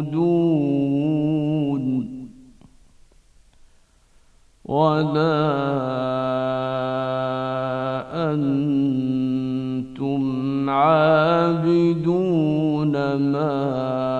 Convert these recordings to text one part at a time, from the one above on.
موجودون ولا أنتم عابدون ما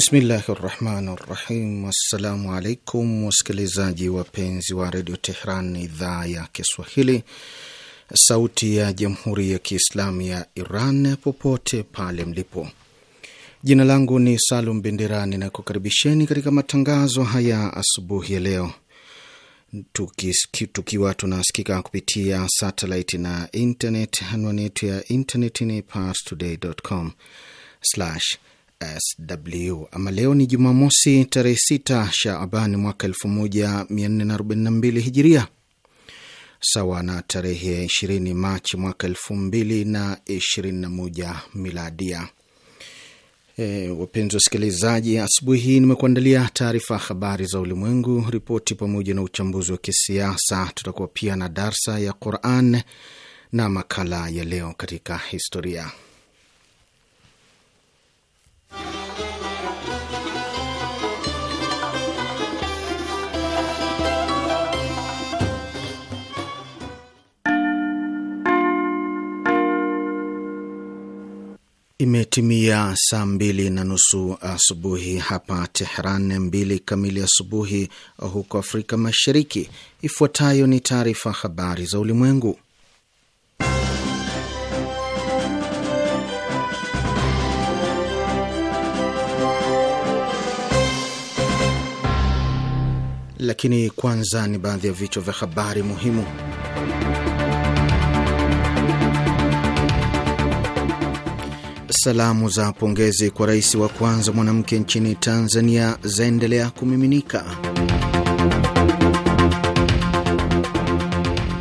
Bismillahi rahmani rahim. Assalamu alaikum wasikilizaji wapenzi wa redio Tehran, idhaa ya Kiswahili, sauti ya jamhuri ya kiislamu ya Iran, popote pale mlipo. Jina langu ni Salum Benderani na kukaribisheni katika matangazo haya asubuhi ya leo, tukiwa tunasikika kupitia satellite na internet. Anwani yetu ya internet ni parstoday.com slash SW. Ama leo ni Jumamosi tarehe 6 Shaaban mwaka 1442 Hijiria, sawa na tarehe 20 Machi mwaka 221 Miladia. E, wapenzi wasikilizaji, asubuhi hii nimekuandalia taarifa ya habari za ulimwengu, ripoti pamoja na uchambuzi wa kisiasa. Tutakuwa pia na darsa ya Quran na makala ya leo katika historia Imetimia saa mbili na nusu asubuhi hapa Teheran, mbili kamili asubuhi huko Afrika Mashariki. Ifuatayo ni taarifa habari za ulimwengu lakini kwanza ni baadhi ya vichwa vya habari muhimu. Salamu za pongezi kwa rais wa kwanza mwanamke nchini Tanzania zaendelea kumiminika.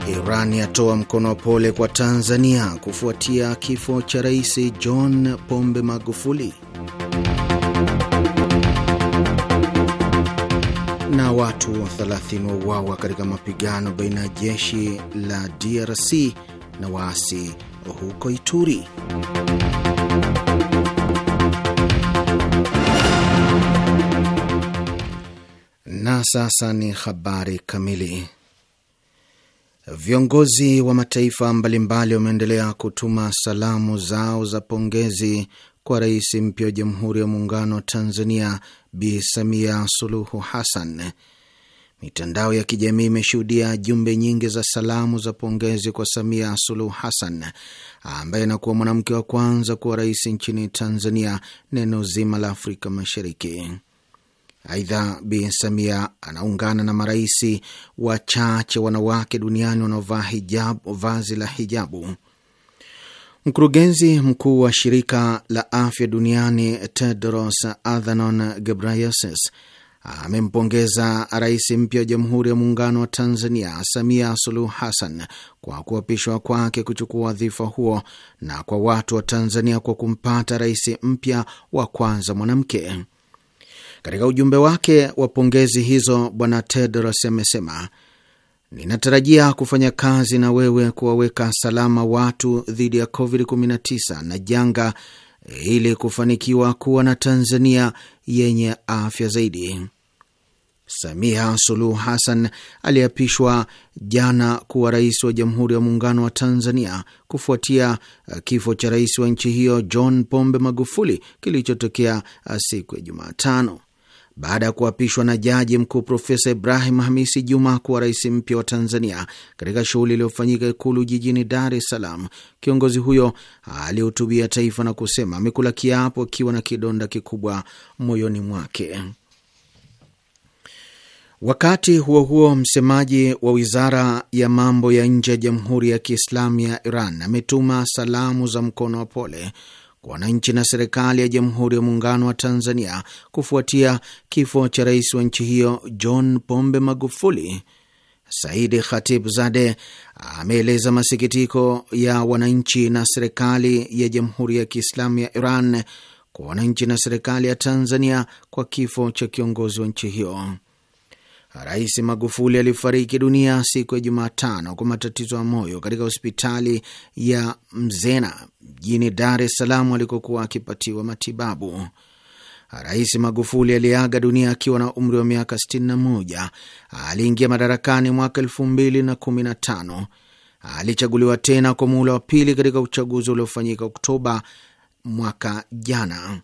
Iran yatoa mkono wa pole kwa Tanzania kufuatia kifo cha Rais John Pombe Magufuli. Watu 30 wauawa katika mapigano baina ya jeshi la DRC na waasi huko Ituri. Na sasa ni habari kamili. Viongozi wa mataifa mbalimbali wameendelea kutuma salamu zao za pongezi kwa rais mpya wa Jamhuri ya Muungano wa Tanzania Bi Samia Suluhu Hassan. Mitandao ya kijamii imeshuhudia jumbe nyingi za salamu za pongezi kwa Samia Suluhu Hassan ambaye anakuwa mwanamke wa kwanza kuwa rais nchini Tanzania na eneo zima la Afrika Mashariki. Aidha, Bi Samia anaungana na maraisi wachache wanawake duniani wanaovaa hijabu, vazi la hijabu. Mkurugenzi mkuu wa shirika la afya duniani Tedros Adhanom Ghebreyesus amempongeza rais mpya wa Jamhuri ya Muungano wa Tanzania Samia Suluhu Hassan kwa kuapishwa kwake kuchukua wadhifa huo na kwa watu wa Tanzania kwa kumpata rais mpya wa kwanza mwanamke. Katika ujumbe wake wa pongezi hizo, Bwana Tedros amesema Ninatarajia kufanya kazi na wewe kuwaweka salama watu dhidi ya COVID-19 na janga ili kufanikiwa kuwa na Tanzania yenye afya zaidi. Samia Suluhu Hassan aliapishwa jana kuwa rais wa Jamhuri ya Muungano wa Tanzania kufuatia uh, kifo cha rais wa nchi hiyo John Pombe Magufuli kilichotokea uh, siku ya Jumatano baada ya kuapishwa na Jaji Mkuu Profesa Ibrahim Hamisi Juma kuwa rais mpya wa Tanzania. Katika shughuli iliyofanyika Ikulu jijini Dar es Salaam, kiongozi huyo alihutubia taifa na kusema amekula kiapo akiwa na kidonda kikubwa moyoni mwake. Wakati huo huo, msemaji wa wizara ya mambo ya nje ya Jamhuri ya Kiislamu ya Iran ametuma salamu za mkono wa pole kwa wananchi na serikali ya Jamhuri ya Muungano wa Tanzania kufuatia kifo cha rais wa nchi hiyo John Pombe Magufuli. Saidi Khatib Zade ameeleza masikitiko ya wananchi na serikali ya Jamhuri ya Kiislamu ya Iran kwa wananchi na serikali ya Tanzania kwa kifo cha kiongozi wa nchi hiyo. Rais Magufuli alifariki dunia siku ya Jumatano kwa matatizo ya moyo katika hospitali ya Mzena mjini Dar es Salaam alikokuwa akipatiwa matibabu. Rais Magufuli aliyeaga dunia akiwa na umri wa miaka 61 aliingia madarakani mwaka 2015. Alichaguliwa tena kwa muhula wa pili katika uchaguzi uliofanyika Oktoba mwaka jana.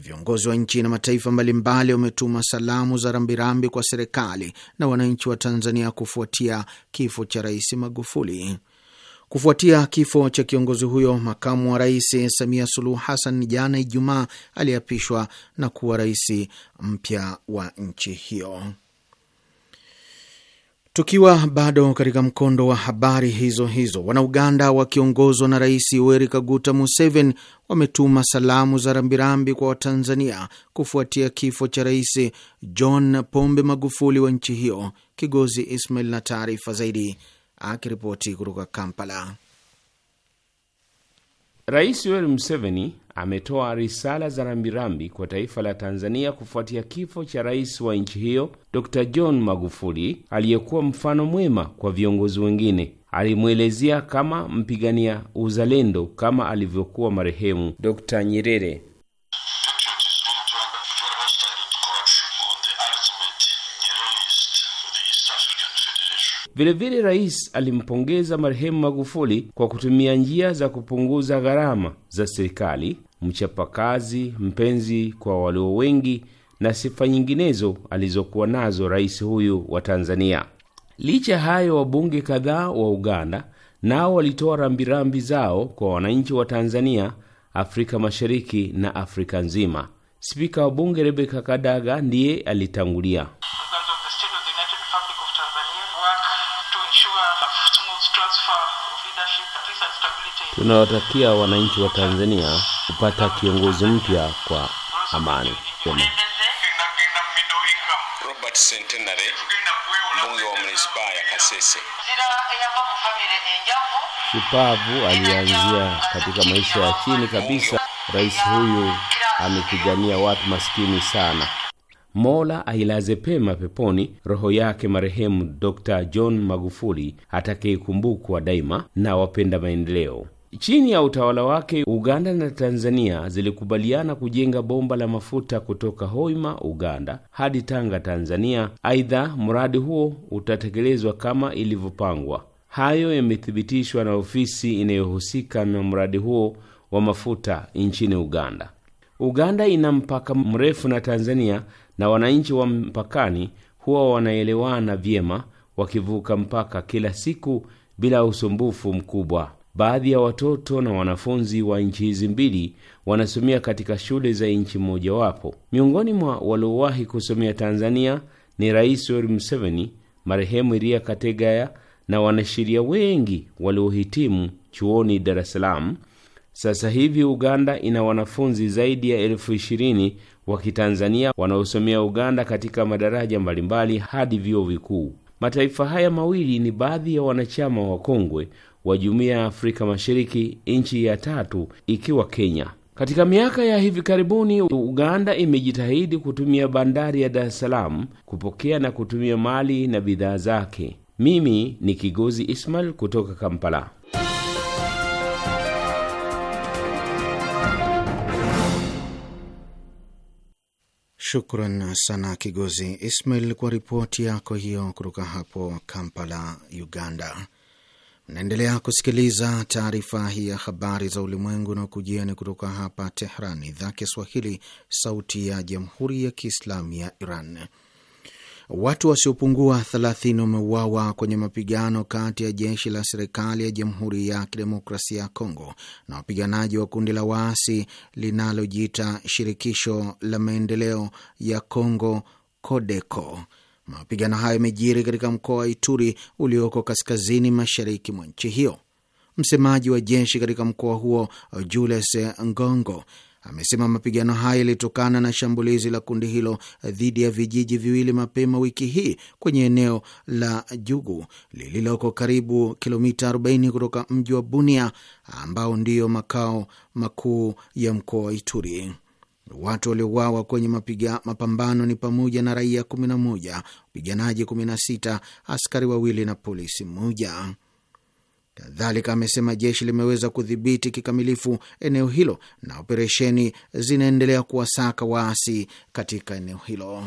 Viongozi wa nchi na mataifa mbalimbali wametuma salamu za rambirambi kwa serikali na wananchi wa Tanzania kufuatia kifo cha Rais Magufuli. Kufuatia kifo cha kiongozi huyo, makamu wa rais Samia Suluhu Hassan jana Ijumaa aliapishwa na kuwa rais mpya wa nchi hiyo. Tukiwa bado katika mkondo wa habari hizo hizo, Wanauganda wakiongozwa na Rais Yoweri Kaguta Museveni wametuma salamu za rambirambi kwa Watanzania kufuatia kifo cha Rais John Pombe Magufuli wa nchi hiyo. Kigozi Ismail na taarifa zaidi akiripoti kutoka Kampala. Rais Yoweri Museveni ametoa risala za rambirambi kwa taifa la Tanzania kufuatia kifo cha rais wa nchi hiyo Dr. John Magufuli aliyekuwa mfano mwema kwa viongozi wengine. Alimwelezea kama mpigania uzalendo kama alivyokuwa marehemu Dr. Nyerere. Vilevile vile rais alimpongeza marehemu Magufuli kwa kutumia njia za kupunguza gharama za serikali, mchapakazi, mpenzi kwa walio wengi na sifa nyinginezo alizokuwa nazo rais huyu wa Tanzania. Licha ya hayo, wabunge kadhaa wa Uganda nao walitoa rambirambi zao kwa wananchi wa Tanzania, Afrika Mashariki na Afrika nzima. Spika wa bunge Rebeka Kadaga ndiye alitangulia. tunawatakia wananchi wa Tanzania kupata kiongozi mpya kwa amani Yema. Robert Centenary, mbunge wa manispaa ya Kasese. Shupavu alianzia katika maisha ya chini kabisa. Rais huyu amepigania watu masikini sana. Mola ailaze pema peponi roho yake marehemu Dr. John Magufuli atakayekumbukwa daima na wapenda maendeleo. Chini ya utawala wake Uganda na Tanzania zilikubaliana kujenga bomba la mafuta kutoka Hoima, Uganda hadi Tanga, Tanzania. Aidha, mradi huo utatekelezwa kama ilivyopangwa. Hayo yamethibitishwa na ofisi inayohusika na mradi huo wa mafuta nchini Uganda. Uganda ina mpaka mrefu na Tanzania na wananchi wa mpakani huwa wanaelewana vyema wakivuka mpaka kila siku bila usumbufu mkubwa. Baadhi ya watoto na wanafunzi wa nchi hizi mbili wanasomea katika shule za nchi mmojawapo. Miongoni mwa waliowahi kusomea Tanzania ni Rais Yoweri Museveni, marehemu Iria Kategaya na wanasheria wengi waliohitimu chuoni Dar es Salaam. Sasa hivi Uganda ina wanafunzi zaidi ya elfu ishirini wa Kitanzania wanaosomea Uganda katika madaraja mbalimbali hadi vyuo vikuu. Mataifa haya mawili ni baadhi ya wanachama wakongwe wa Jumuiya ya Afrika Mashariki, nchi ya tatu ikiwa Kenya. Katika miaka ya hivi karibuni, Uganda imejitahidi kutumia bandari ya Dar es Salaam kupokea na kutumia mali na bidhaa zake. Mimi ni Kigozi Ismail kutoka Kampala. Shukran sana Kigozi Ismail kwa ripoti yako hiyo kutoka hapo Kampala, Uganda. Naendelea kusikiliza taarifa hii ya habari za ulimwengu na kujieni kutoka hapa Tehran, idhaa Kiswahili, sauti ya jamhuri ya kiislamu ya Iran. Watu wasiopungua 30 wameuawa kwenye mapigano kati ya jeshi la serikali ya Jamhuri ya Kidemokrasia ya Kongo na wapiganaji wa kundi la waasi linalojiita Shirikisho la Maendeleo ya Kongo, CODECO Mapigano hayo yamejiri katika mkoa wa Ituri ulioko kaskazini mashariki mwa nchi hiyo. Msemaji wa jeshi katika mkoa huo Julius Ngongo amesema mapigano hayo yalitokana na shambulizi la kundi hilo dhidi ya vijiji viwili mapema wiki hii kwenye eneo la Jugu lililoko karibu kilomita 40 kutoka mji wa Bunia ambao ndiyo makao makuu ya mkoa wa Ituri. Watu waliouawa kwenye mapiga, mapambano ni pamoja na raia 11, wapiganaji 16, askari wawili na polisi mmoja. Kadhalika amesema jeshi limeweza kudhibiti kikamilifu eneo hilo na operesheni zinaendelea kuwasaka waasi katika eneo hilo.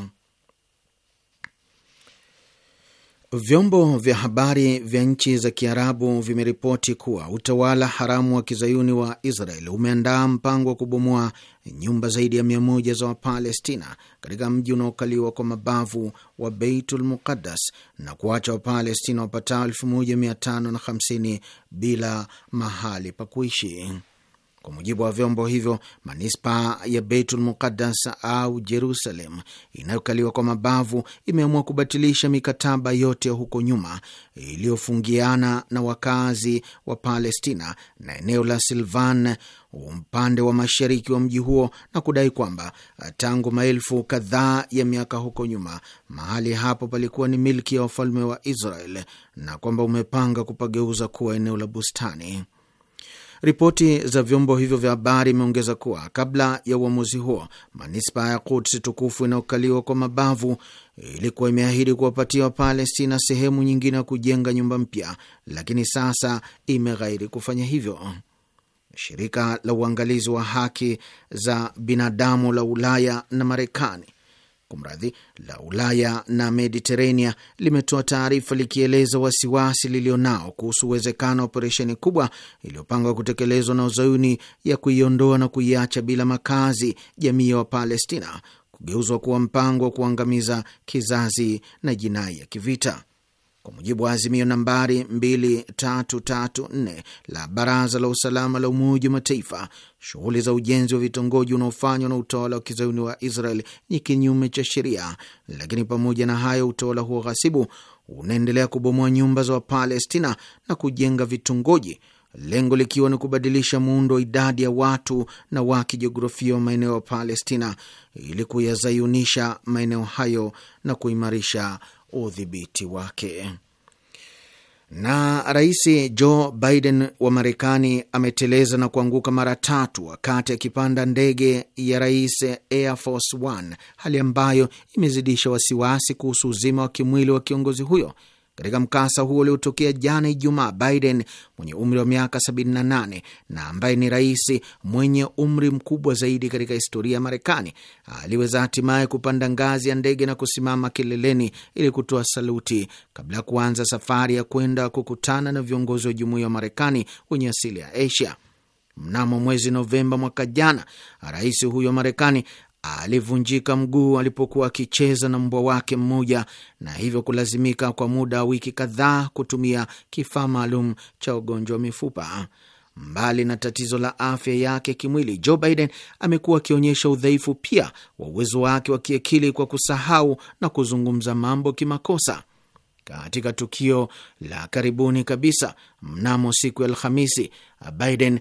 Vyombo vya habari vya nchi za Kiarabu vimeripoti kuwa utawala haramu wa kizayuni wa Israel umeandaa mpango wa kubomoa nyumba zaidi ya mia moja za Wapalestina katika mji unaokaliwa kwa mabavu wa Beitul Muqaddas na kuacha Wapalestina wapatao elfu moja mia tano na hamsini bila mahali pa kuishi. Kwa mujibu wa vyombo hivyo, manispa ya Beitul Muqaddas au Jerusalem inayokaliwa kwa mabavu imeamua kubatilisha mikataba yote ya huko nyuma iliyofungiana na wakazi wa Palestina na eneo la Silvan upande wa mashariki wa mji huo na kudai kwamba tangu maelfu kadhaa ya miaka huko nyuma mahali hapo palikuwa ni milki ya wafalme wa Israel na kwamba umepanga kupageuza kuwa eneo la bustani. Ripoti za vyombo hivyo vya habari imeongeza kuwa kabla ya uamuzi huo, manispaa ya Quds tukufu inayokaliwa kwa mabavu ilikuwa imeahidi kuwapatia Wapalestina sehemu nyingine ya kujenga nyumba mpya, lakini sasa imeghairi kufanya hivyo. Shirika la uangalizi wa haki za binadamu la Ulaya na Marekani kumradhi, la Ulaya na Mediterania limetoa taarifa likieleza wasiwasi lilionao kuhusu uwezekano wa operesheni kubwa iliyopangwa kutekelezwa na Uzayuni ya kuiondoa na kuiacha bila makazi jamii ya Wapalestina kugeuzwa kuwa mpango wa kuangamiza kizazi na jinai ya kivita kwa mujibu wa azimio nambari 2334 la Baraza la Usalama la Umoja wa Mataifa, shughuli za ujenzi wa vitongoji unaofanywa na utawala wa kizayuni wa Israel ni kinyume cha sheria. Lakini pamoja na hayo, utawala huo ghasibu unaendelea kubomoa nyumba za Wapalestina na kujenga vitongoji, lengo likiwa ni kubadilisha muundo wa idadi ya watu na wa kijiografia wa maeneo ya Palestina ili kuyazayunisha maeneo hayo na kuimarisha udhibiti wake. Na Rais Joe Biden wa Marekani ameteleza na kuanguka mara tatu wakati akipanda ndege ya rais Air Force One, hali ambayo imezidisha wasiwasi kuhusu uzima wa kimwili wa kiongozi huyo katika mkasa huo uliotokea jana Ijumaa, Biden mwenye umri wa miaka 78 na ambaye ni rais mwenye umri mkubwa zaidi katika historia ya Marekani aliweza hatimaye kupanda ngazi ya ndege na kusimama kileleni ili kutoa saluti kabla ya kuanza safari ya kwenda kukutana na viongozi wa jumuiya wa Marekani wenye asili ya Asia. Mnamo mwezi Novemba mwaka jana, rais huyo Marekani alivunjika mguu alipokuwa akicheza na mbwa wake mmoja na hivyo kulazimika kwa muda wa wiki kadhaa kutumia kifaa maalum cha ugonjwa wa mifupa. Mbali na tatizo la afya yake kimwili, Joe Biden amekuwa akionyesha udhaifu pia wa uwezo wake wa kiakili kwa kusahau na kuzungumza mambo kimakosa. Katika tukio la karibuni kabisa, mnamo siku ya Alhamisi, Biden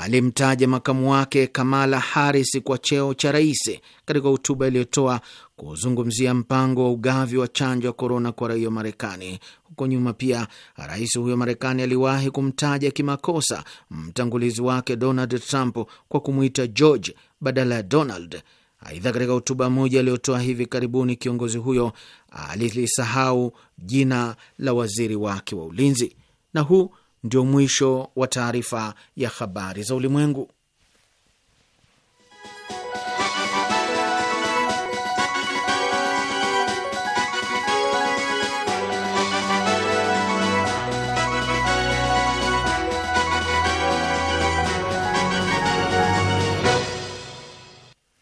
alimtaja makamu wake Kamala Harris kwa cheo cha rais katika hotuba iliyotoa kuzungumzia mpango wa ugavi wa chanjo ya korona kwa raia wa Marekani. Huko nyuma pia rais huyo Marekani aliwahi kumtaja kimakosa mtangulizi wake Donald Trump kwa kumwita George badala ya Donald. Aidha, katika hotuba moja aliyotoa hivi karibuni, kiongozi huyo alilisahau jina la waziri wake wa ulinzi. Na huu ndio mwisho wa taarifa ya habari za ulimwengu.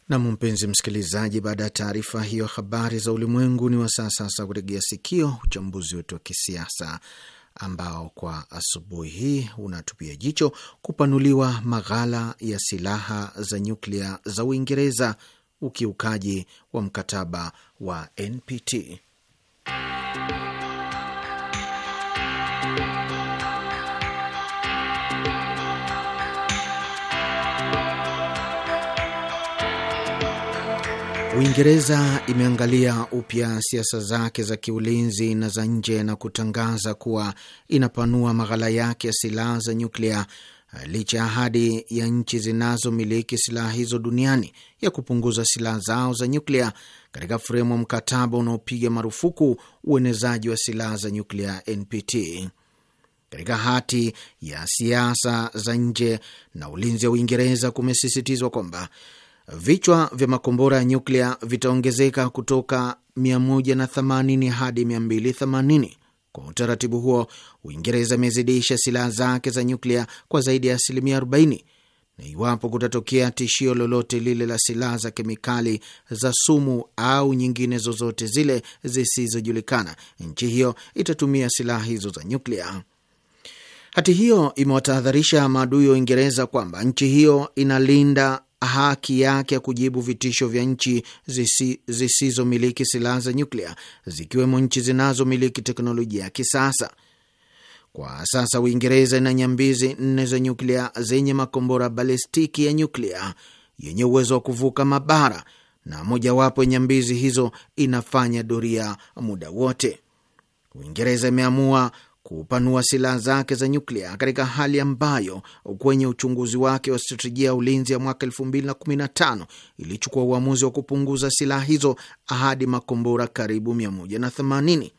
Nam, mpenzi msikilizaji, baada ya taarifa hiyo habari za ulimwengu, ni saa sasa kutegea sikio uchambuzi wetu wa kisiasa ambao kwa asubuhi hii unatupia jicho kupanuliwa maghala ya silaha za nyuklia za Uingereza, ukiukaji wa mkataba wa NPT. Uingereza imeangalia upya siasa zake za kiulinzi na za nje na kutangaza kuwa inapanua maghala yake ya silaha za nyuklia licha ya ahadi ya nchi zinazomiliki silaha hizo duniani ya kupunguza silaha zao za nyuklia katika fremu ya mkataba unaopiga marufuku uenezaji wa silaha za nyuklia NPT. Katika hati ya siasa za nje na ulinzi ya Uingereza kumesisitizwa kwamba vichwa vya makombora ya nyuklia vitaongezeka kutoka 180 hadi 280. Kwa utaratibu huo, Uingereza imezidisha silaha zake za nyuklia kwa zaidi ya asilimia 40, na iwapo kutatokea tishio lolote lile la silaha za kemikali za sumu au nyingine zozote zile zisizojulikana, nchi hiyo itatumia silaha hizo za nyuklia. Hati hiyo imewatahadharisha maadui wa Uingereza kwamba nchi hiyo inalinda haki yake ya kujibu vitisho vya nchi zisizomiliki silaha za nyuklia zikiwemo nchi zinazomiliki teknolojia ya kisasa. Kwa sasa Uingereza ina nyambizi nne za nyuklia zenye makombora balistiki ya nyuklia yenye uwezo wa kuvuka mabara, na mojawapo ya nyambizi hizo inafanya doria muda wote. Uingereza imeamua kupanua silaha zake za nyuklia katika hali ambayo kwenye uchunguzi wake wa stratejia ya ulinzi ya mwaka 2015 ilichukua uamuzi wa kupunguza silaha hizo hadi makombora karibu 180.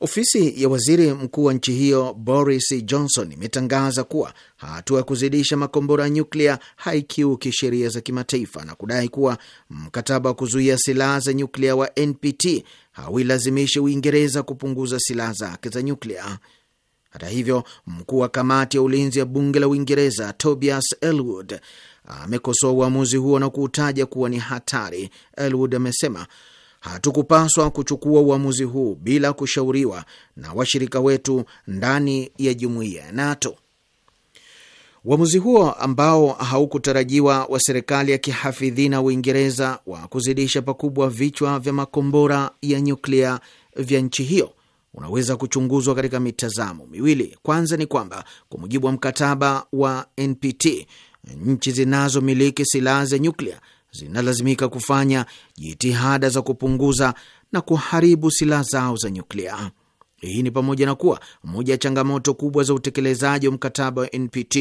Ofisi ya waziri mkuu wa nchi hiyo Boris Johnson imetangaza kuwa hatua ya kuzidisha makombora ya nyuklia haikiuki sheria za kimataifa na kudai kuwa mkataba wa kuzuia silaha za nyuklia wa NPT hauilazimishi Uingereza kupunguza silaha zake za nyuklia. Hata hivyo, mkuu wa kamati ya ulinzi ya bunge la Uingereza Tobias Elwood amekosoa uamuzi huo na kuutaja kuwa ni hatari. Elwood amesema hatukupaswa kuchukua uamuzi huu bila kushauriwa na washirika wetu ndani ya jumuiya ya NATO. Uamuzi huo ambao haukutarajiwa wa serikali ya kihafidhina Uingereza wa kuzidisha pakubwa vichwa vya makombora ya nyuklia vya nchi hiyo unaweza kuchunguzwa katika mitazamo miwili. Kwanza ni kwamba kwa mujibu wa mkataba wa NPT, nchi zinazomiliki silaha za nyuklia zinalazimika kufanya jitihada za kupunguza na kuharibu silaha zao za nyuklia. Hii ni pamoja na kuwa moja ya changamoto kubwa za utekelezaji wa mkataba wa NPT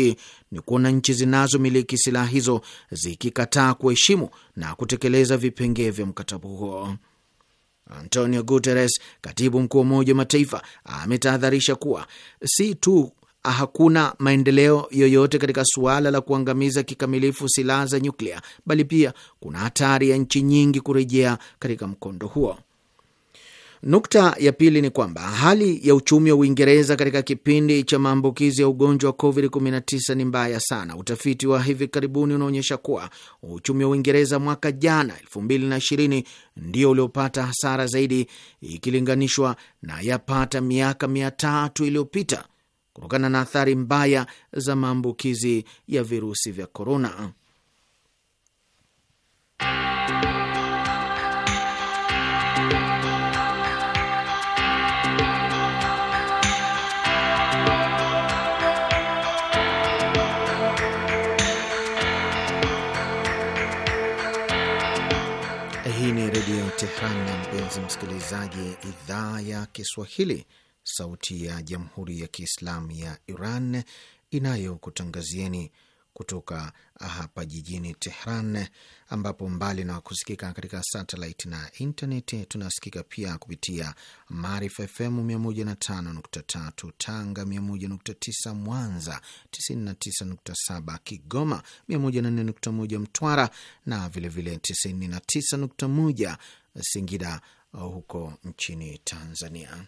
ni kuona nchi zinazomiliki silaha hizo zikikataa kuheshimu na kutekeleza vipengee vya mkataba huo. Antonio Guterres, katibu mkuu wa Umoja wa Mataifa, ametahadharisha kuwa si tu hakuna maendeleo yoyote katika suala la kuangamiza kikamilifu silaha za nyuklia, bali pia kuna hatari ya nchi nyingi kurejea katika mkondo huo. Nukta ya pili ni kwamba hali ya uchumi wa Uingereza katika kipindi cha maambukizi ya ugonjwa wa COVID-19 ni mbaya sana. Utafiti wa hivi karibuni unaonyesha kuwa uchumi wa Uingereza mwaka jana 2020 ndio uliopata hasara zaidi ikilinganishwa na yapata miaka miatatu iliyopita kutokana na athari mbaya za maambukizi ya virusi vya korona. Tehran, mpenzi msikilizaji, idhaa ya Kiswahili, sauti ya jamhuri ya Kiislamu ya Iran inayokutangazieni kutoka hapa jijini Tehran, ambapo mbali na kusikika katika satelit na intaneti, tunasikika pia kupitia Maarifa FM 105.3 Tanga, 101.9 Mwanza, 99.7 Kigoma, 104.1 Mtwara na vilevile 99.1 Singida uh, huko nchini Tanzania.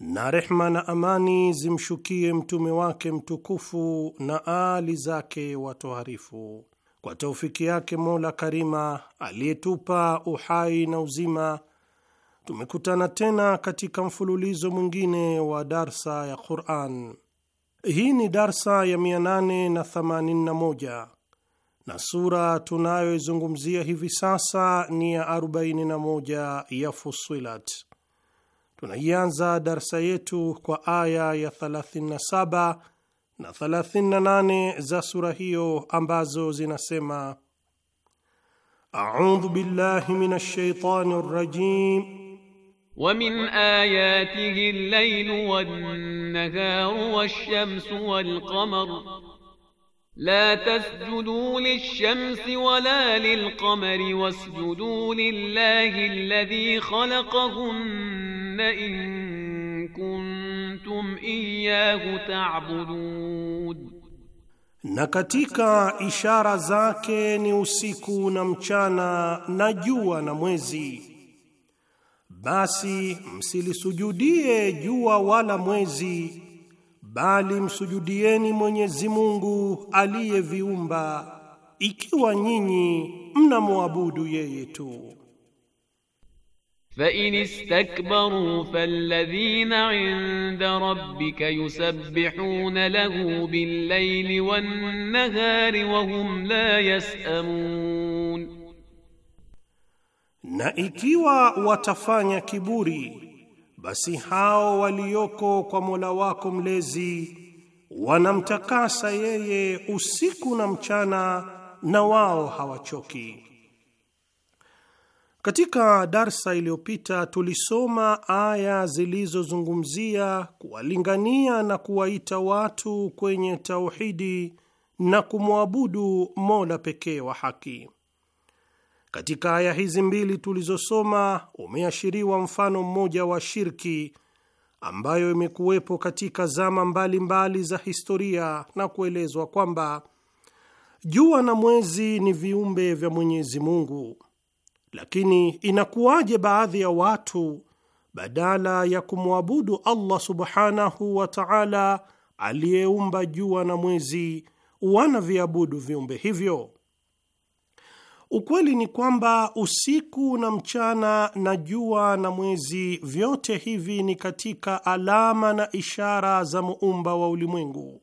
na rehma na amani zimshukie mtume wake mtukufu na aali zake watoharifu. Kwa taufiki yake Mola Karima aliyetupa uhai na uzima, tumekutana tena katika mfululizo mwingine wa darsa ya Quran. Hii ni darsa ya 881 na, na sura tunayoizungumzia hivi sasa ni ya 41 ya Fusilat tunaianza darsa yetu kwa aya ya 37 na 38 za sura hiyo ambazo zinasema: audhu billahi minash shaitani rrajim ومن آياته الليل والنهار والشمس والقمر لا تسجدوا للشمس ولا للقمر واسجدوا لله الذي خلقهن تُؤْمِنُنَّ إِن kuntum iyyahu ta'budun, na katika ishara zake ni usiku na mchana na jua na mwezi. Basi msilisujudie jua wala mwezi, bali msujudieni Mwenyezi Mungu aliyeviumba, ikiwa nyinyi mnamwabudu yeye tu. فإن استكبروا فالذين عند ربك يسبحون له بالليل والنهار وهم la yasamun, na ikiwa watafanya kiburi, basi hao walioko kwa Mola wako mlezi wanamtakasa yeye usiku na mchana, na wao hawachoki. Katika darsa iliyopita tulisoma aya zilizozungumzia kuwalingania na kuwaita watu kwenye tauhidi na kumwabudu Mola pekee wa haki. Katika aya hizi mbili tulizosoma, umeashiriwa mfano mmoja wa shirki ambayo imekuwepo katika zama mbalimbali mbali za historia na kuelezwa kwamba jua na mwezi ni viumbe vya Mwenyezi Mungu lakini inakuwaje baadhi ya watu badala ya kumwabudu Allah subhanahu wa ta'ala aliyeumba jua na mwezi wanaviabudu viumbe hivyo? Ukweli ni kwamba usiku na mchana na jua na mwezi, vyote hivi ni katika alama na ishara za muumba wa ulimwengu.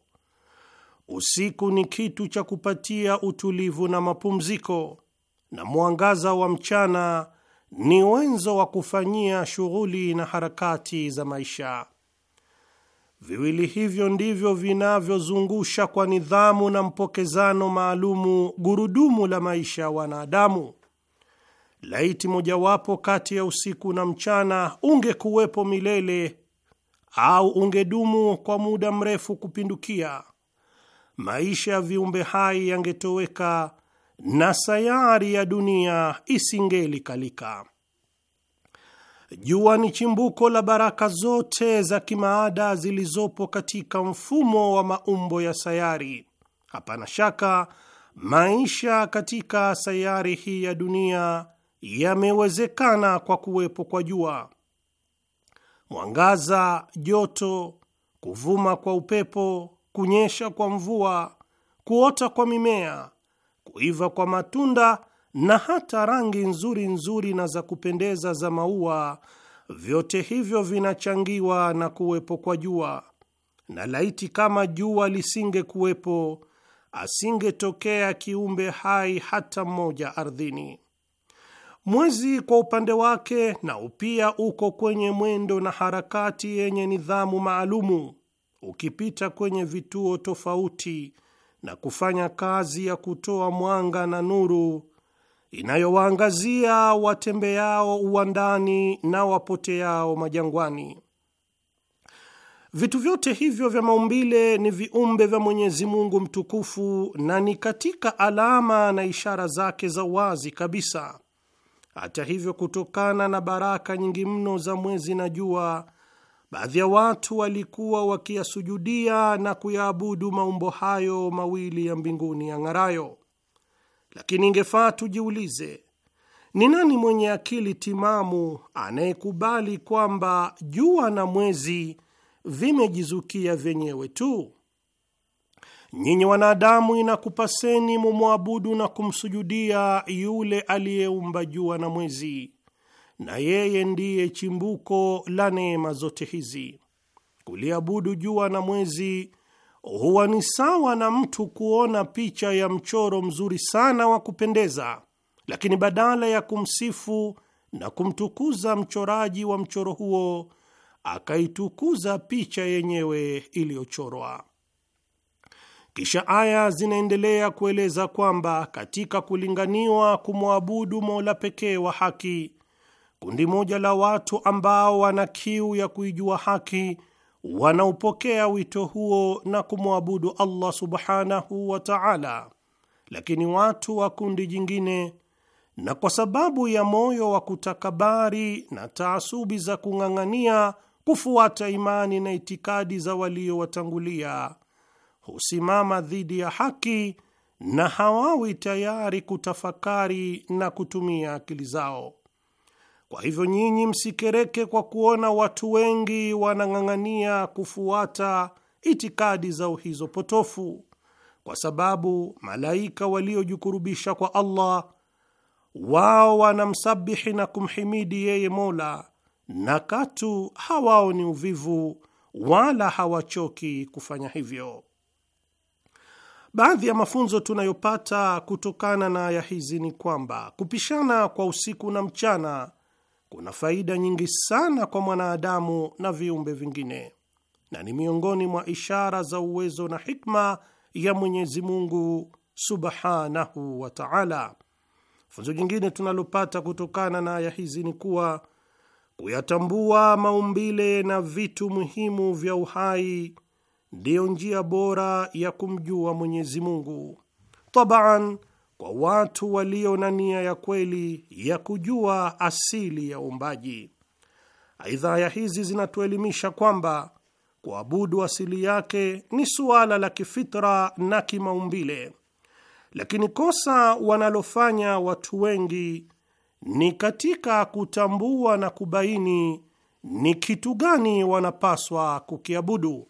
Usiku ni kitu cha kupatia utulivu na mapumziko, na mwangaza wa mchana ni wenzo wa kufanyia shughuli na harakati za maisha. Viwili hivyo ndivyo vinavyozungusha kwa nidhamu na mpokezano maalumu gurudumu la maisha ya wanadamu. Laiti mojawapo kati ya usiku na mchana ungekuwepo milele au ungedumu kwa muda mrefu kupindukia, maisha ya viumbe hai yangetoweka na sayari ya dunia isingelikalika. Jua ni chimbuko la baraka zote za kimaada zilizopo katika mfumo wa maumbo ya sayari. Hapana shaka maisha katika sayari hii ya dunia yamewezekana kwa kuwepo kwa jua. Mwangaza, joto, kuvuma kwa upepo, kunyesha kwa mvua, kuota kwa mimea kuiva kwa matunda na hata rangi nzuri nzuri na za kupendeza za maua, vyote hivyo vinachangiwa na kuwepo kwa jua. Na laiti kama jua lisingekuwepo, asingetokea kiumbe hai hata mmoja ardhini. Mwezi kwa upande wake nao pia uko kwenye mwendo na harakati yenye nidhamu maalumu, ukipita kwenye vituo tofauti na kufanya kazi ya kutoa mwanga na nuru inayowaangazia watembeao uwandani na wapoteao majangwani. Vitu vyote hivyo vya maumbile ni viumbe vya Mwenyezi Mungu mtukufu na ni katika alama na ishara zake za wazi kabisa. Hata hivyo, kutokana na baraka nyingi mno za mwezi na jua Baadhi ya watu walikuwa wakiyasujudia na kuyaabudu maumbo hayo mawili ya mbinguni ya ng'arayo. Lakini ingefaa tujiulize, ni nani mwenye akili timamu anayekubali kwamba jua na mwezi vimejizukia vyenyewe tu? Nyinyi wanadamu, inakupaseni mumwabudu na kumsujudia yule aliyeumba jua na mwezi na yeye ndiye chimbuko la neema zote hizi. Kuliabudu jua na mwezi huwa ni sawa na mtu kuona picha ya mchoro mzuri sana wa kupendeza, lakini badala ya kumsifu na kumtukuza mchoraji wa mchoro huo, akaitukuza picha yenyewe iliyochorwa. Kisha aya zinaendelea kueleza kwamba katika kulinganiwa kumwabudu Mola pekee wa haki kundi moja la watu ambao wana kiu ya kuijua haki wanaupokea wito huo na kumwabudu Allah subhanahu wa ta'ala, lakini watu wa kundi jingine, na kwa sababu ya moyo wa kutakabari na taasubi za kung'ang'ania kufuata imani na itikadi za waliowatangulia, husimama dhidi ya haki na hawawi tayari kutafakari na kutumia akili zao. Kwa hivyo nyinyi msikereke kwa kuona watu wengi wanang'ang'ania kufuata itikadi zao hizo potofu, kwa sababu malaika waliojikurubisha kwa Allah wao wanamsabihi na kumhimidi yeye Mola, na katu hawaoni uvivu wala hawachoki kufanya hivyo. Baadhi ya mafunzo tunayopata kutokana na aya hizi ni kwamba kupishana kwa usiku na mchana kuna faida nyingi sana kwa mwanadamu na viumbe vingine, na ni miongoni mwa ishara za uwezo na hikma ya Mwenyezi Mungu subhanahu wa taala. Funzo jingine tunalopata kutokana na aya hizi ni kuwa kuyatambua maumbile na vitu muhimu vya uhai ndiyo njia bora ya kumjua Mwenyezi Mungu. Tabaan, kwa watu walio na nia ya kweli ya kujua asili ya uumbaji. Aidha, aya hizi zinatuelimisha kwamba kuabudu asili yake ni suala la kifitra na kimaumbile, lakini kosa wanalofanya watu wengi ni katika kutambua na kubaini ni kitu gani wanapaswa kukiabudu.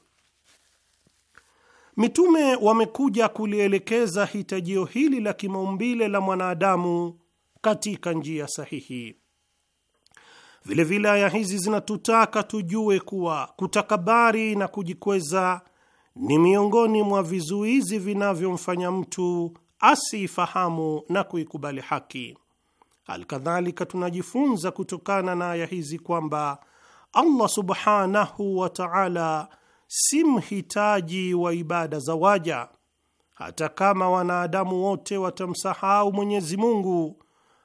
Mitume wamekuja kulielekeza hitajio hili la kimaumbile la mwanadamu katika njia sahihi. Vilevile aya hizi zinatutaka tujue kuwa kutakabari na kujikweza ni miongoni mwa vizuizi vinavyomfanya mtu asiifahamu na kuikubali haki. Alkadhalika, tunajifunza kutokana na aya hizi kwamba Allah subhanahu wa ta'ala si mhitaji wa ibada za waja. Hata kama wanadamu wote watamsahau Mwenyezi Mungu,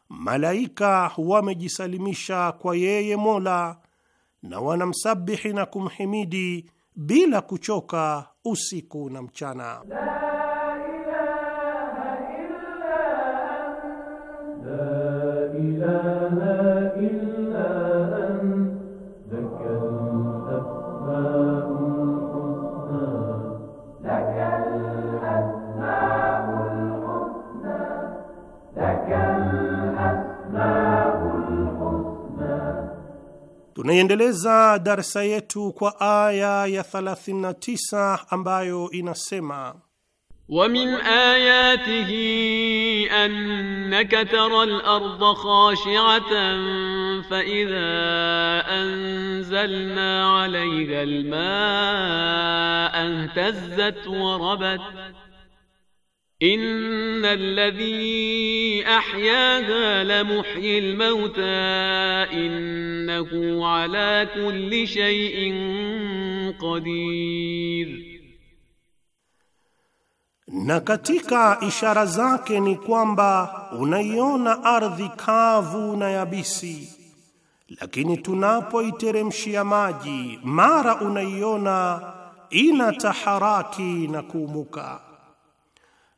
malaika wamejisalimisha kwa yeye Mola na wanamsabihi na kumhimidi bila kuchoka usiku na mchana. La ilaha illa, la ilaha Tunaiendeleza darsa yetu kwa aya ya 39 ambayo inasema ومن آياته أنك ترى الأرض خاشعة فإذا أنزلنا عليها الماء اهتزت وربت Inna alladhi ahyaha lamuhyi almauta innahu ala kulli shay'in qadir, na katika ishara zake ni kwamba unaiona ardhi kavu na yabisi, lakini tunapoiteremshia maji mara unaiona ina taharaki na kuumuka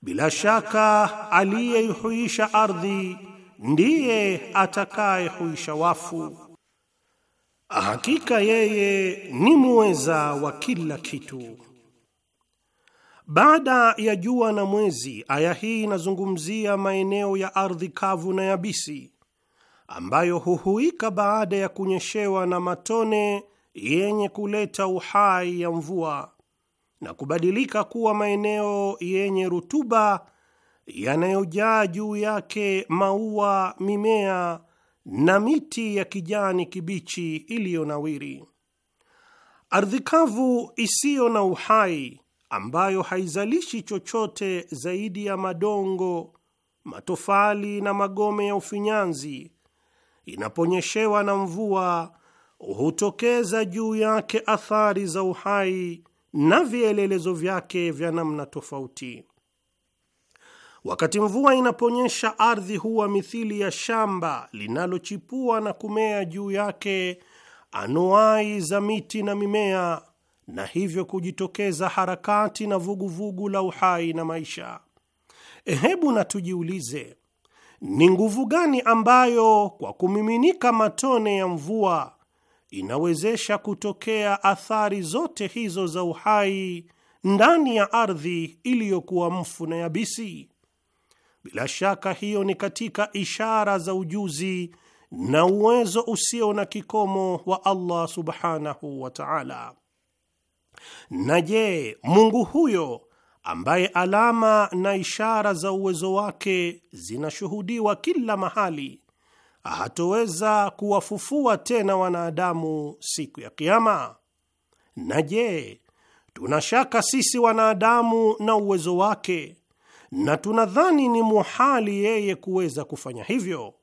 bila shaka aliyeihuisha ardhi ndiye atakayehuisha wafu. Hakika yeye ni muweza wa kila kitu. Baada ya jua na mwezi, aya hii inazungumzia maeneo ya ardhi kavu na yabisi ambayo huhuika baada ya kunyeshewa na matone yenye kuleta uhai ya mvua na kubadilika kuwa maeneo yenye rutuba yanayojaa juu yake maua, mimea na miti ya kijani kibichi iliyonawiri. Ardhi kavu isiyo na uhai ambayo haizalishi chochote zaidi ya madongo, matofali na magome ya ufinyanzi, inaponyeshewa na mvua hutokeza juu yake athari za uhai na vielelezo vyake vya namna tofauti. Wakati mvua inaponyesha, ardhi huwa mithili ya shamba linalochipua na kumea juu yake anuai za miti na mimea, na hivyo kujitokeza harakati na vuguvugu vugu la uhai na maisha. Hebu na tujiulize, ni nguvu gani ambayo kwa kumiminika matone ya mvua inawezesha kutokea athari zote hizo za uhai ndani ya ardhi iliyokuwa mfu na yabisi. Bila shaka hiyo ni katika ishara za ujuzi na uwezo usio na kikomo wa Allah subhanahu wa ta'ala. Na je, Mungu huyo ambaye alama na ishara za uwezo wake zinashuhudiwa kila mahali hatoweza kuwafufua tena wanadamu siku ya Kiama? Na je, tuna shaka sisi wanadamu na uwezo wake, na tunadhani ni muhali yeye kuweza kufanya hivyo?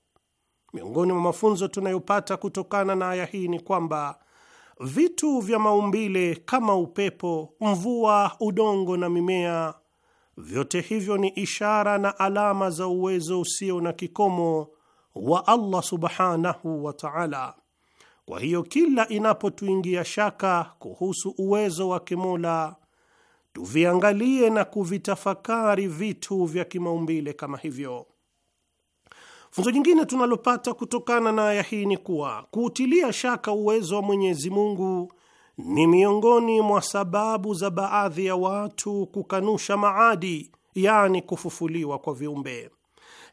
Miongoni mwa mafunzo tunayopata kutokana na aya hii ni kwamba vitu vya maumbile kama upepo, mvua, udongo na mimea, vyote hivyo ni ishara na alama za uwezo usio na kikomo wa Allah subhanahu wa ta'ala. Kwa hiyo kila inapotuingia shaka kuhusu uwezo wa Kimola, tuviangalie na kuvitafakari vitu vya kimaumbile kama hivyo. Funzo jingine tunalopata kutokana na aya hii ni kuwa kuutilia shaka uwezo wa Mwenyezi Mungu ni miongoni mwa sababu za baadhi ya watu kukanusha maadi, yaani kufufuliwa kwa viumbe.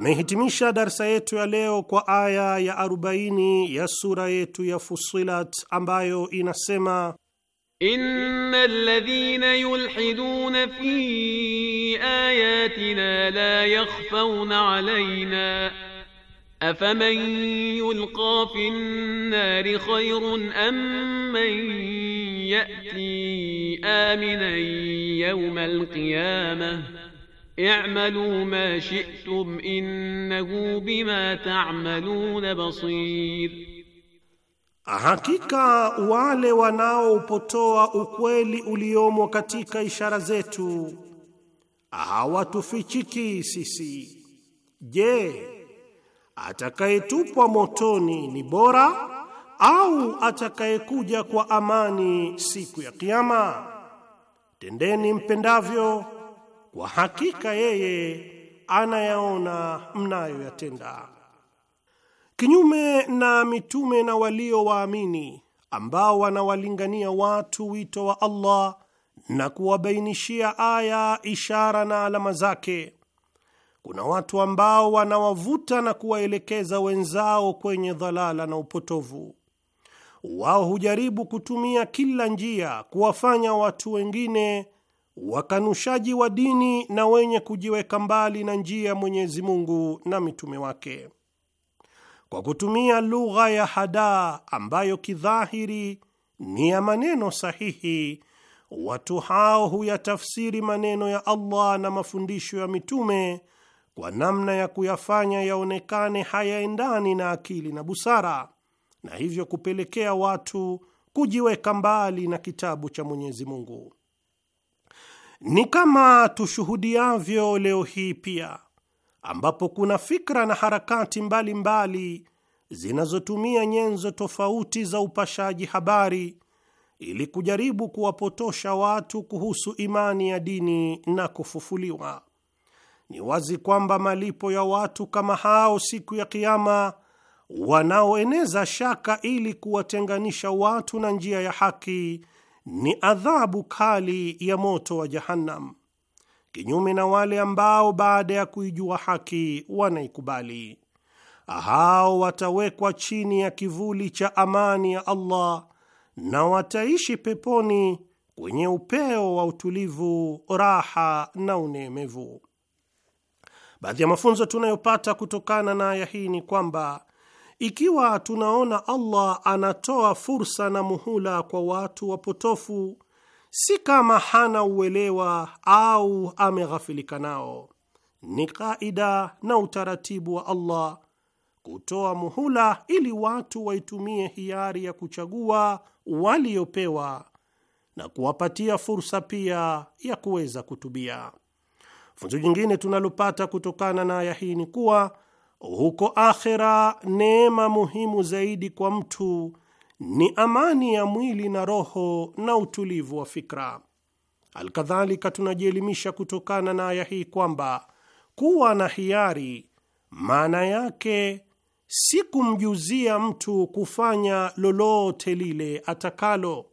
Tumehitimisha darsa yetu ya leo kwa aya ya 40 ya sura yetu ya Fusilat ambayo inasema Innal ladhina yulhiduna fi ayatina la yakhfauna alayna afaman yulqa fi nnari khayrun am man ya'ti aminan yawma alqiyamah i'malu ma shi'tum innahu bima ta'maluna basir, hakika wale wanaopotoa ukweli uliomo katika ishara zetu hawatufichiki sisi. Je, atakayetupwa motoni ni bora au atakayekuja kwa amani siku ya Kiyama? Tendeni mpendavyo kwa hakika yeye anayaona mnayoyatenda. Kinyume na mitume na waliowaamini ambao wanawalingania watu wito wa Allah na kuwabainishia aya, ishara na alama zake, kuna watu ambao wanawavuta na kuwaelekeza wenzao kwenye dhalala na upotovu. Wao hujaribu kutumia kila njia kuwafanya watu wengine wakanushaji wa dini na wenye kujiweka mbali na njia ya Mwenyezi Mungu na mitume wake. Kwa kutumia lugha ya hadaa ambayo kidhahiri ni ya maneno sahihi, watu hao huyatafsiri maneno ya Allah na mafundisho ya mitume kwa namna ya kuyafanya yaonekane hayaendani na akili na busara, na hivyo kupelekea watu kujiweka mbali na kitabu cha Mwenyezi Mungu. Ni kama tushuhudiavyo leo hii pia, ambapo kuna fikra na harakati mbalimbali zinazotumia nyenzo tofauti za upashaji habari ili kujaribu kuwapotosha watu kuhusu imani ya dini na kufufuliwa. Ni wazi kwamba malipo ya watu kama hao siku ya Kiama, wanaoeneza shaka ili kuwatenganisha watu na njia ya haki ni adhabu kali ya moto wa Jahannam, kinyume na wale ambao baada ya kuijua haki wanaikubali. Hao watawekwa chini ya kivuli cha amani ya Allah na wataishi peponi kwenye upeo wa utulivu, raha na uneemevu. Baadhi ya mafunzo tunayopata kutokana na aya hii ni kwamba ikiwa tunaona Allah anatoa fursa na muhula kwa watu wapotofu, si kama hana uelewa au ameghafilika nao. Ni kaida na utaratibu wa Allah kutoa muhula ili watu waitumie hiari ya kuchagua waliopewa na kuwapatia fursa pia ya kuweza kutubia. Funzo jingine tunalopata kutokana na aya hii ni kuwa huko akhera, neema muhimu zaidi kwa mtu ni amani ya mwili na roho na utulivu wa fikra. Alkadhalika, tunajielimisha kutokana na aya hii kwamba kuwa na hiari maana yake si kumjuzia mtu kufanya lolote lile atakalo.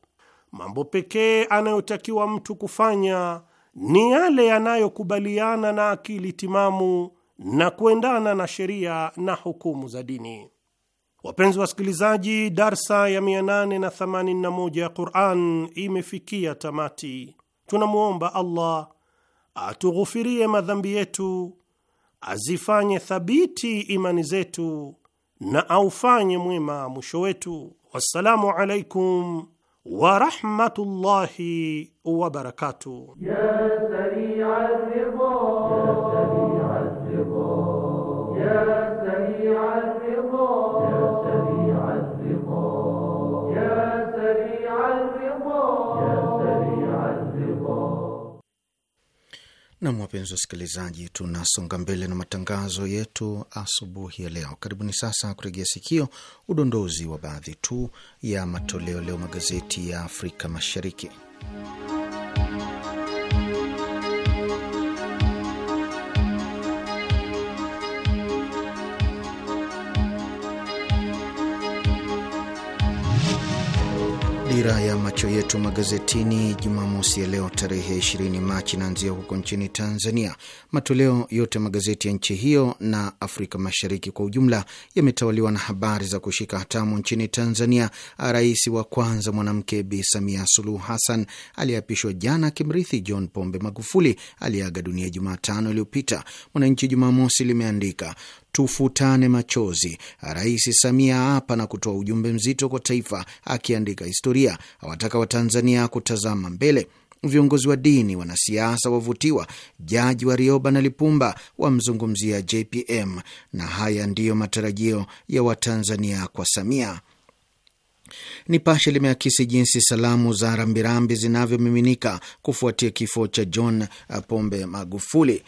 Mambo pekee anayotakiwa mtu kufanya ni yale yanayokubaliana na akili timamu na kuendana na sheria na hukumu za dini. Wapenzi wasikilizaji, darsa ya 881 ya Quran imefikia tamati. Tunamwomba Allah atughufirie madhambi yetu, azifanye thabiti imani zetu na aufanye mwema mwisho wetu. Wassalamu alaikum warahmatullahi wabarakatuh. Nam, wapenzi wasikilizaji, tunasonga mbele na matangazo yetu asubuhi ya leo. Karibuni sasa kuregea sikio udondozi wa baadhi tu ya matoleo leo magazeti ya Afrika Mashariki. Dira ya macho yetu magazeti magazetini Jumamosi ya leo tarehe 20 Machi inaanzia huko nchini Tanzania. Matoleo yote magazeti ya nchi hiyo na Afrika Mashariki kwa ujumla yametawaliwa na habari za kushika hatamu nchini Tanzania. Rais wa kwanza mwanamke Bi Samia Suluhu Hassan aliyeapishwa jana akimrithi John Pombe Magufuli aliyeaga dunia Jumatano iliyopita. Mwananchi Jumamosi limeandika Tufutane machozi. Rais Samia hapa na kutoa ujumbe mzito kwa taifa, akiandika historia, awataka Watanzania kutazama mbele. Viongozi wa dini, wanasiasa wavutiwa. Jaji wa rioba na Lipumba wamzungumzia JPM, na haya ndiyo matarajio ya Watanzania kwa Samia. Nipashe limeakisi jinsi salamu za rambirambi zinavyomiminika kufuatia kifo cha John Pombe Magufuli.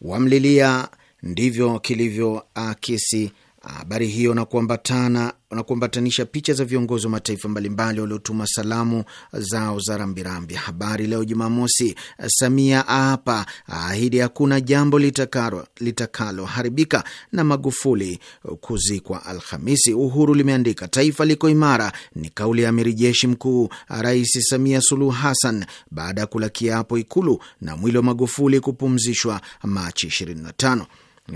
Wamlilia ndivyo kilivyoakisi Habari hiyo na kuambatana na kuambatanisha picha za viongozi wa mataifa mbalimbali waliotuma salamu zao za rambirambi. Habari Leo Jumamosi: Samia aapa ahidi hakuna jambo litakaloharibika na Magufuli kuzikwa Alhamisi. Uhuru limeandika taifa liko imara, ni kauli ya amiri jeshi mkuu Rais Samia Suluhu Hassan baada ya kula kiapo Ikulu na mwili wa Magufuli kupumzishwa Machi 25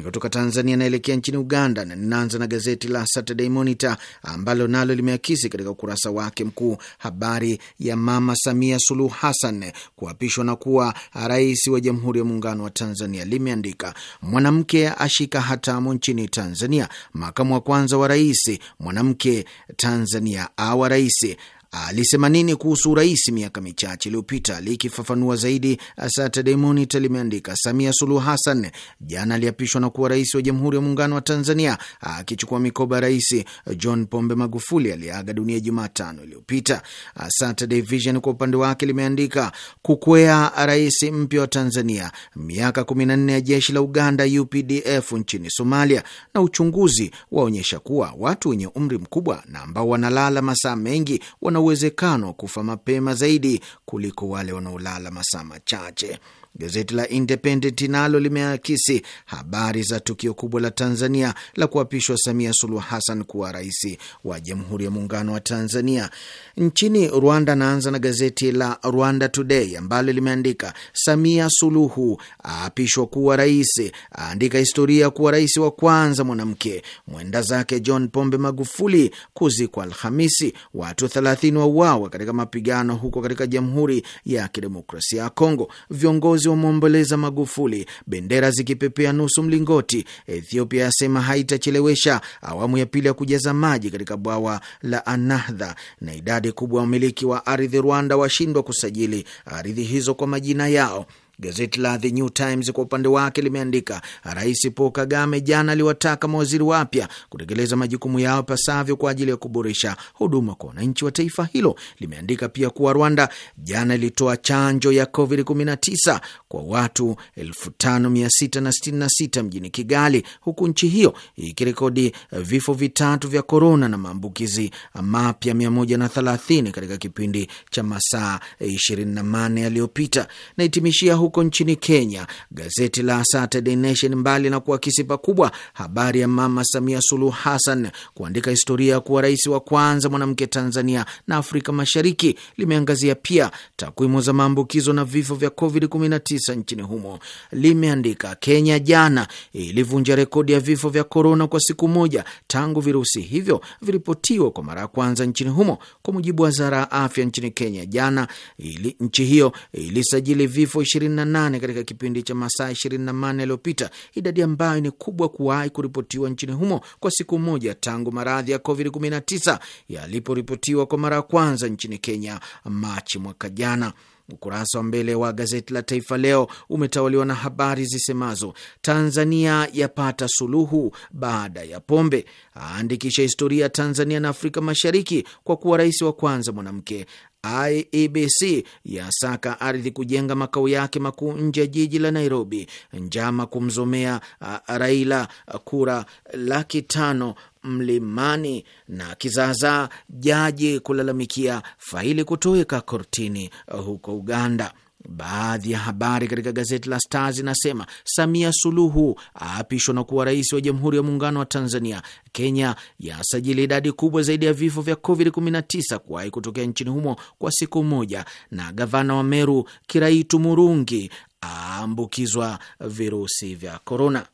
kutoka Tanzania naelekea nchini Uganda, na ninaanza na gazeti la Saturday Monitor ambalo nalo limeakisi katika ukurasa wake mkuu habari ya Mama Samia Suluhu Hassan kuapishwa na kuwa rais wa Jamhuri ya Muungano wa Tanzania. Limeandika mwanamke ashika hatamu nchini Tanzania, makamu wa kwanza wa rais mwanamke Tanzania awa rais, alisema nini kuhusu urais miaka michache iliyopita. Likifafanua zaidi, Saturday Monitor limeandika Samia Suluhu Hassan jana aliapishwa na kuwa rais wa Jamhuri ya Muungano wa Tanzania, akichukua mikoba ya Rais John Pombe Magufuli aliyeaga dunia Jumatano iliyopita. Saturday Vision kwa upande wake limeandika kukwea rais mpya wa Tanzania, miaka 14 ya jeshi la Uganda UPDF nchini Somalia, na uchunguzi waonyesha kuwa watu wenye umri mkubwa na ambao wanalala masaa mengi wana uwezekano wa kufa mapema zaidi kuliko wale wanaolala masaa machache. Gazeti la Independent nalo limeakisi habari za tukio kubwa la Tanzania la kuapishwa Samia Suluhu Hassan kuwa rais wa Jamhuri ya Muungano wa Tanzania. Nchini Rwanda, naanza na gazeti la Rwanda Today ambalo limeandika Samia Suluhu aapishwa kuwa rais, aandika historia kuwa rais wa kwanza mwanamke. Mwenda zake John Pombe Magufuli kuzikwa Alhamisi. Watu 30 wauawa katika mapigano huko katika Jamhuri ya Kidemokrasia ya Kongo. Viongozi wakazi wamwomboleza Magufuli, bendera zikipepea nusu mlingoti. Ethiopia yasema haitachelewesha awamu ya pili ya kujaza maji katika bwawa la Anahdha, na idadi kubwa ya wamiliki wa ardhi Rwanda washindwa kusajili ardhi hizo kwa majina yao. Gazeti la The New Times kwa upande wake limeandika, Rais Paul Kagame jana aliwataka mawaziri wapya kutekeleza majukumu yao pasavyo kwa ajili ya kuboresha huduma kwa wananchi wa taifa hilo. Limeandika pia kuwa Rwanda jana ilitoa chanjo ya COVID-19 kwa watu 5666 mjini Kigali, huku nchi hiyo ikirekodi vifo vitatu vya korona na maambukizi mapya 130 katika kipindi cha masaa 24 yaliyopita. Nahitimishia huko nchini Kenya, gazeti la Saturday Nation, mbali na kuakisi pakubwa habari ya Mama Samia Suluhu Hassan kuandika historia ya kuwa rais wa kwanza mwanamke Tanzania na Afrika Mashariki, limeangazia pia takwimu za maambukizo na vifo vya COVID-19 nchini humo. Limeandika Kenya jana ilivunja rekodi ya vifo vya korona kwa siku moja tangu virusi hivyo vilipotiwa kwa mara ya kwanza nchini humo. Kwa mujibu wa wizara ya afya nchini Kenya, jana ili nchi hiyo ilisajili vifo ishirini 28 katika kipindi cha masaa 24 yaliyopita, idadi ambayo ni kubwa kuwahi kuripotiwa nchini humo kwa siku moja tangu maradhi ya COVID-19 yaliporipotiwa kwa mara ya kwanza nchini Kenya Machi mwaka jana. Ukurasa wa mbele wa gazeti la Taifa Leo umetawaliwa na habari zisemazo: Tanzania yapata suluhu baada ya pombe, aandikisha historia ya Tanzania na Afrika Mashariki kwa kuwa rais wa kwanza mwanamke, IEBC yasaka ardhi kujenga makao yake makuu nje ya jiji la Nairobi. Njama kumzomea uh, Raila kura laki tano Mlimani na kizaazaa jaji kulalamikia faili kutoweka kortini huko Uganda. Baadhi ya habari katika gazeti la Star zinasema Samia Suluhu aapishwa na kuwa rais wa Jamhuri ya Muungano wa Tanzania. Kenya yasajili idadi kubwa zaidi ya vifo vya COVID-19 kuwahi kutokea nchini humo kwa siku moja, na gavana wa Meru Kiraitu Murungi aambukizwa virusi vya korona.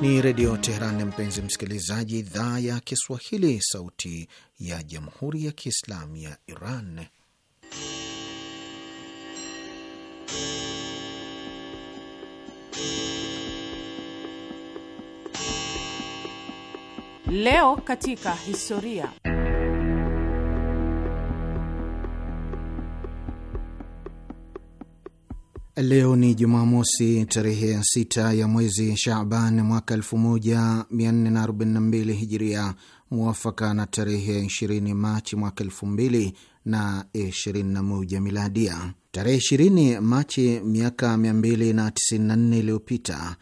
Ni Redio Teheran, mpenzi msikilizaji, idhaa ya Kiswahili, sauti ya Jamhuri ya Kiislamu ya Iran. Leo katika historia Leo ni Jumamosi, tarehe ya sita ya mwezi Shaban mwaka 1442 Hijiria, muwafaka na tarehe 20 Machi mwaka 2021 Miladia. Tarehe 20 Machi miaka 294 iliyopita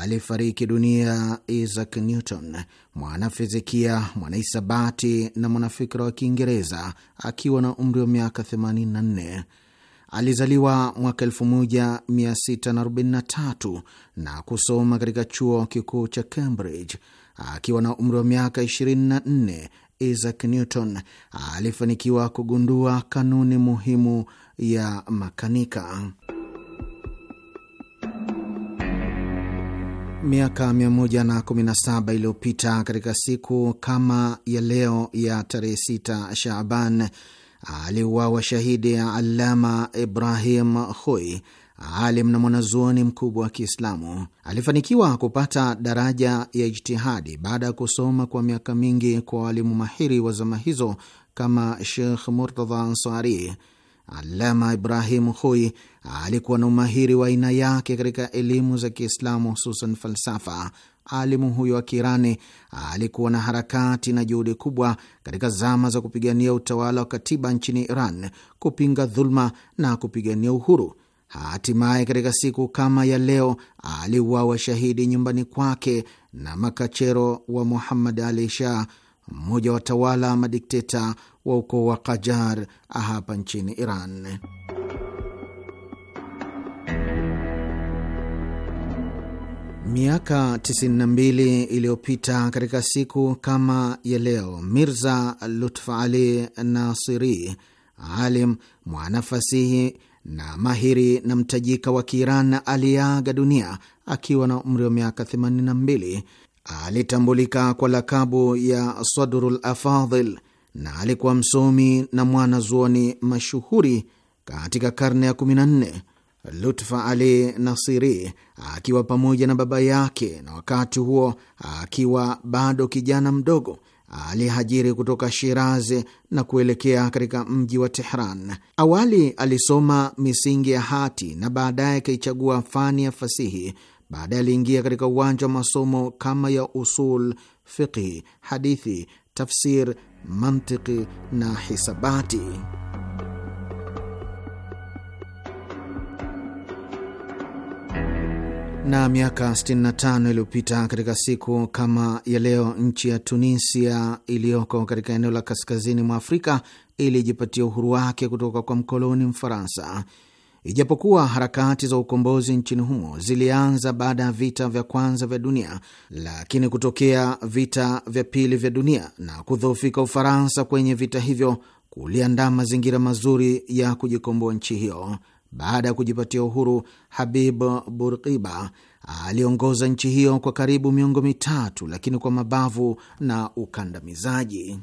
alifariki dunia Isaac Newton, mwanafizikia, mwanahisabati na mwanafikira wa Kiingereza akiwa na umri wa miaka 84. Alizaliwa mwaka 1643 na kusoma katika chuo kikuu cha Cambridge. Akiwa na umri wa miaka 24, Isaac Newton alifanikiwa kugundua kanuni muhimu ya makanika. Miaka 117 iliyopita katika siku kama ya leo ya tarehe 6 Shaaban aliuawa shahidi ya Allama Ibrahim Hui, alim na mwanazuoni mkubwa wa Kiislamu. Alifanikiwa kupata daraja ya ijtihadi baada ya kusoma kwa miaka mingi kwa walimu mahiri wa zama hizo kama Shekh Murtadha Ansari. Alama Ibrahim Hui alikuwa na umahiri wa aina yake katika elimu za Kiislamu, hususan falsafa. Alimu huyo wa Kiirani alikuwa na harakati na juhudi kubwa katika zama za kupigania utawala wa katiba nchini Iran, kupinga dhuluma na kupigania uhuru. Hatimaye katika siku kama ya leo aliuawa shahidi nyumbani kwake na makachero wa Muhammad Ali Shah, mmoja wa watawala madikteta wa ukoo wa Kajar hapa nchini Iran. Miaka 92 iliyopita katika siku kama ya leo, Mirza Lutf Ali Nasiri, alim mwanafasihi na mahiri na mtajika wa Kiiran aliyeaga dunia akiwa na umri wa miaka 82. Alitambulika kwa lakabu ya Sadrul Afadhil na alikuwa msomi na mwanazuoni mashuhuri katika karne ya 14. Lutfa Ali Nasiri akiwa pamoja na baba yake, na wakati huo akiwa bado kijana mdogo alihajiri kutoka Shirazi na kuelekea katika mji wa Tehran. Awali alisoma misingi ya hati na baadaye akaichagua fani ya fasihi. Baadaye aliingia katika uwanja wa masomo kama ya usul, fiqhi, hadithi, tafsir, mantiki na hisabati. Na miaka 65 iliyopita katika siku kama ya leo, nchi ya Tunisia iliyoko katika eneo la kaskazini mwa Afrika ilijipatia uhuru wake kutoka kwa mkoloni Mfaransa. Ijapokuwa harakati za ukombozi nchini humo zilianza baada ya vita vya kwanza vya dunia, lakini kutokea vita vya pili vya dunia na kudhoofika Ufaransa kwenye vita hivyo kuliandaa mazingira mazuri ya kujikomboa nchi hiyo. Baada ya kujipatia uhuru, Habib Burkiba aliongoza nchi hiyo kwa karibu miongo mitatu, lakini kwa mabavu na ukandamizaji.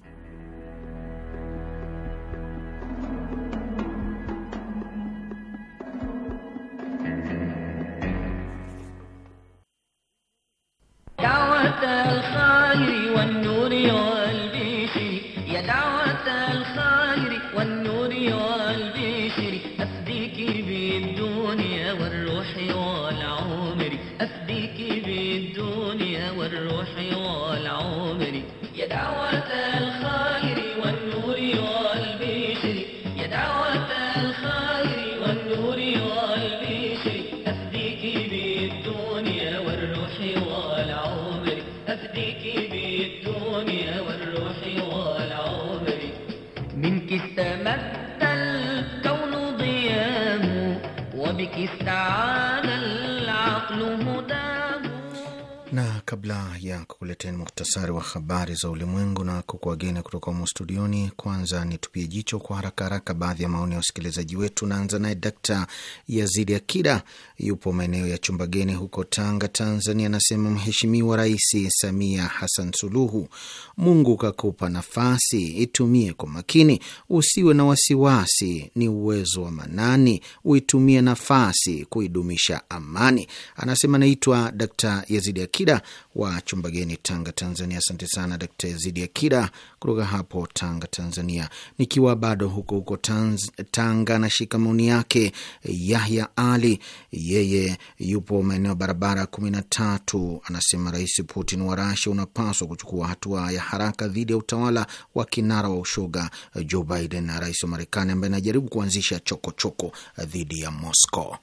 kabla ya kukuleteni muhtasari wa habari za ulimwengu na kukuageni kutoka humo studioni, kwanza nitupie jicho kwa haraka haraka baadhi ya maoni ya wasikilizaji wetu. Naanza naye Dakta Yazidi Akida, yupo maeneo ya Chumbageni huko Tanga, Tanzania. Anasema, Mheshimiwa Rais Samia Hassan Suluhu, Mungu kakupa nafasi, itumie kwa makini, usiwe na wasiwasi, ni uwezo wa Manani, uitumie nafasi kuidumisha amani. Anasema, naitwa Dakta Yazidi Akida wa Chumbageni, Tanga, Tanzania. Asante sana Dkt Zidi Akida kutoka hapo Tanga, Tanzania. Nikiwa bado huko huko tanz, Tanga, nashika maoni yake Yahya Ali, yeye yupo maeneo ya barabara kumi na tatu. Anasema Rais Putin wa Rasia unapaswa kuchukua hatua ya haraka dhidi ya utawala wa kinara wa ushoga Joe Biden na rais wa Marekani ambaye anajaribu kuanzisha chokochoko dhidi ya Moscow.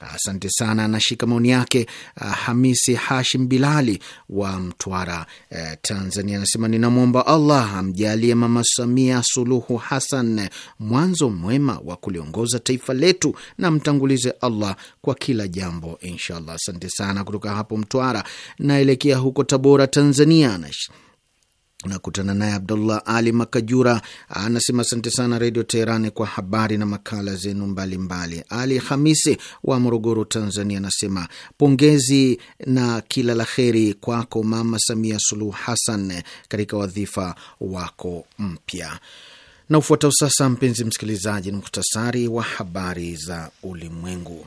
Asante sana. Anashika maoni yake uh, Hamisi Hashim Bilali wa Mtwara, uh, Tanzania. Anasema, ninamwomba Allah amjalie Mama Samia Suluhu Hassan mwanzo mwema wa kuliongoza taifa letu na mtangulize Allah kwa kila jambo, inshallah. Asante sana. Kutoka hapo Mtwara naelekea huko Tabora, Tanzania. Nakutana naye Abdullah Ali Makajura anasema asante sana Redio Teherani kwa habari na makala zenu mbalimbali. Ali Hamisi wa Morogoro, Tanzania anasema pongezi na kila la heri kwako Mama Samia Suluhu Hassan katika wadhifa wako mpya. Na ufuatao sasa, mpenzi msikilizaji, ni muhtasari wa habari za ulimwengu.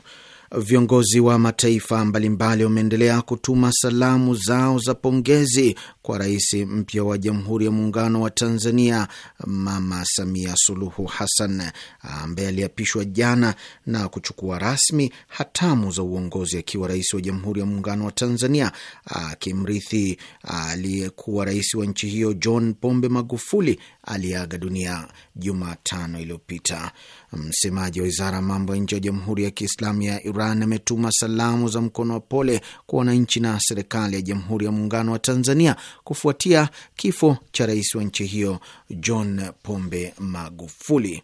Viongozi wa mataifa mbalimbali wameendelea kutuma salamu zao za pongezi kwa rais mpya wa Jamhuri ya Muungano wa Tanzania, Mama Samia Suluhu Hassan, ambaye aliapishwa jana na kuchukua rasmi hatamu za uongozi akiwa rais wa Jamhuri ya Muungano wa Tanzania, akimrithi aliyekuwa rais wa nchi hiyo John Pombe Magufuli aliaga dunia Jumatano iliyopita. Msemaji wa wizara ya mambo ya nje ya Jamhuri ya Kiislamu ya Iran ametuma salamu za mkono wa pole kwa wananchi na serikali ya Jamhuri ya Muungano wa Tanzania kufuatia kifo cha rais wa nchi hiyo John Pombe Magufuli.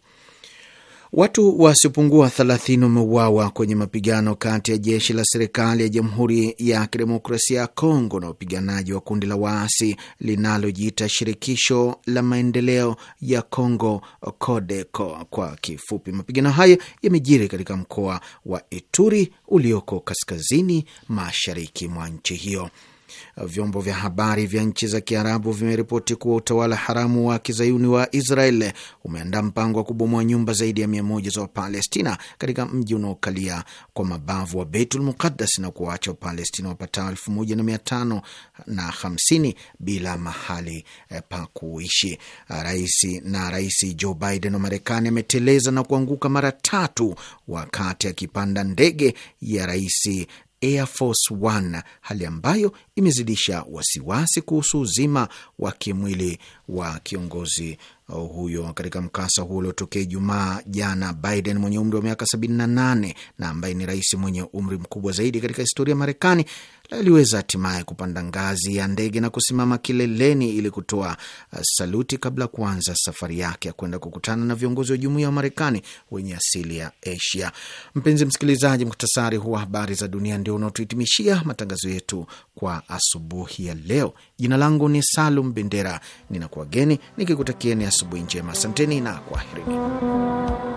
Watu wasiopungua 30 wameuawa kwenye mapigano kati ya jeshi la serikali ya Jamhuri ya Kidemokrasia ya Kongo na wapiganaji wa kundi la waasi linalojiita Shirikisho la Maendeleo ya Kongo, CODECO kwa kifupi. Mapigano hayo yamejiri katika mkoa wa Ituri ulioko kaskazini mashariki mwa nchi hiyo. Uh, vyombo vya habari vya nchi za Kiarabu vimeripoti kuwa utawala haramu wa kizayuni wa Israel umeandaa mpango wa kubomoa nyumba zaidi ya mia moja za Wapalestina katika mji unaokalia kwa mabavu wa Beitul Muqaddas na kuwaacha Wapalestina wapatao elfu moja na mia tano na hamsini bila mahali eh, pa kuishi. Uh, rais na Rais Joe Biden wa Marekani ameteleza na kuanguka mara tatu wakati akipanda ndege ya rais Air Force One, hali ambayo imezidisha wasiwasi kuhusu uzima wa kimwili wa kiongozi huyo katika mkasa huo uliotokea Ijumaa jana. Biden mwenye umri wa miaka 78 na ambaye ni rais mwenye umri mkubwa zaidi katika historia ya Marekani aliweza hatimaye kupanda ngazi ya ndege na kusimama kileleni ili kutoa uh, saluti kabla ya kuanza safari yake ya kwenda kukutana na viongozi wa jumuiya wa Marekani wenye asili ya Asia. Mpenzi msikilizaji, muktasari huwa habari za dunia ndio unaotuhitimishia matangazo yetu kwa asubuhi ya leo. Jina langu ni Salum Bendera, ninakuwageni nikikutakieni asubuhi njema. Asanteni na kwaherini.